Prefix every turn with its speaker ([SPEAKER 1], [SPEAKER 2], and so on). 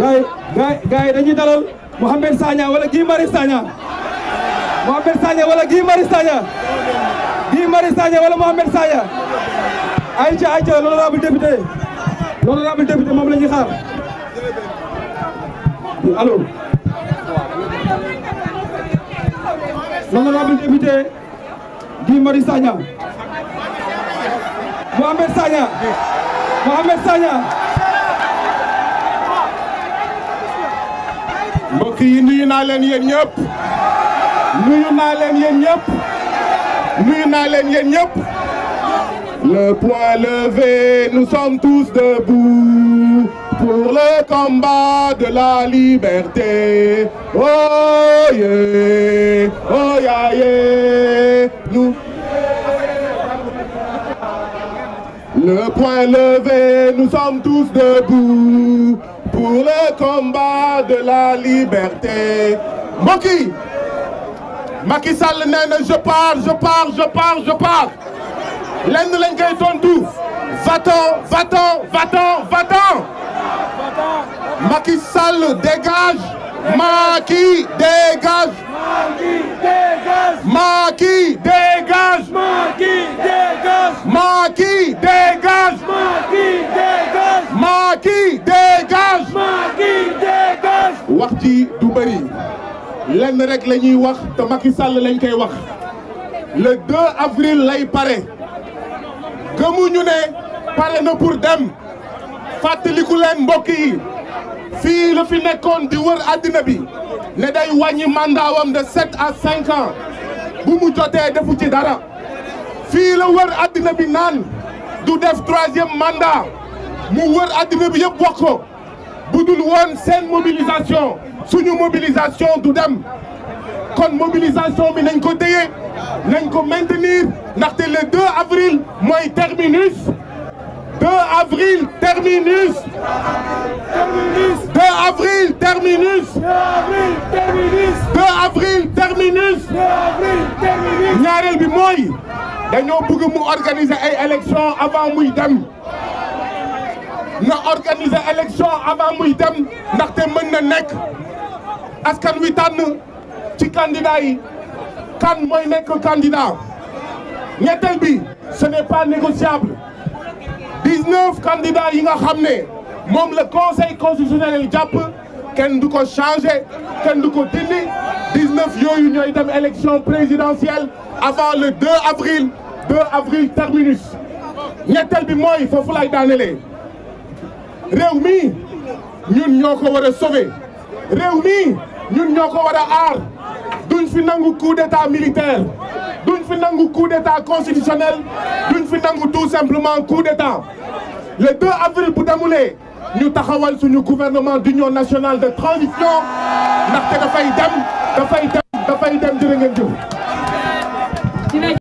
[SPEAKER 1] gaay gaay gaay dañuy dalal Mouhamed Sagna wala Guy Marius Sagna Mouhamed Sagna wala Guy Marius Sagna Guy Marius Sagna wala Mouhamed Sagna ayca ayca l'honorable député xaar allo l'honorable député Guy Marius Sagna Mouhamed Sagna Mouhamed Sagna
[SPEAKER 2] mbokk yi nuyu naa leen yéen ñëpp nuyu naa leen yéen ñëpp le poing levé nous sommes tous debout pour le combat de la liberté oh, oh, le poing levé nous sommes tous debout pour le combat de la liberté mbokk yi Macky Sall nee na je pars je pars je pars je pars lenn lañ koy tontu va-t'en va-t'en va-t'en va-t'en Sall dégage Macky dégage Macky dégage dégage wax ji du bëri lenn rek la ñuy wax te Macky Sall lañ koy wax le 2 avril lay pare gëmuñu ne pare na pour dem fàttaliku leen mbokk yi fii la fi nekkoon di wër àddina bi ne day wàññi mandat de sept à cinq ans bu mu jotee defu ci dara fii la wër àddina bi naan du def troisième mandat mu wër àddina bi yëpp wax ko bu dul woon seen mobilisation suñu mobilisation du dem kon mobilisation bi nañ ko téye nañ ko maintenir ndaxte le 2 avril mooy terminus 2 avril terminus 2 avril terminus 2 ñaareel bi mooy dañoo bëgg mu organiser ay élections muy dem na organiser élection avant muy dem ndaxte mën na nekk askan wi tànn ci candidat yi kan mooy nekk candidat ñetteel bi ce n'est pas négociable dix-neuf candidats yi nga xam ne moom le conseil constitutionnel jàpp kenn du ko changé kenn du ko dindi dix-neuf yooyu ñooy dem élection présidentielle avant le 2 avril 2 avril terminus ñetteel bi mooy foofu lay daanelee réew mi ñun ñoo ko war a sauver réew mi ñun ñoo ko war a aar duñ fi nangu coup d'état militaire duñ fi nangu coup d'état constitutionnel duñ fi nangu tout simplement coup d'état le 2 avril bu demulee ñu taxawal suñu gouvernement d'union nationale de transition ndaxte dafay dem dafay dem dafay dem jërë ngeen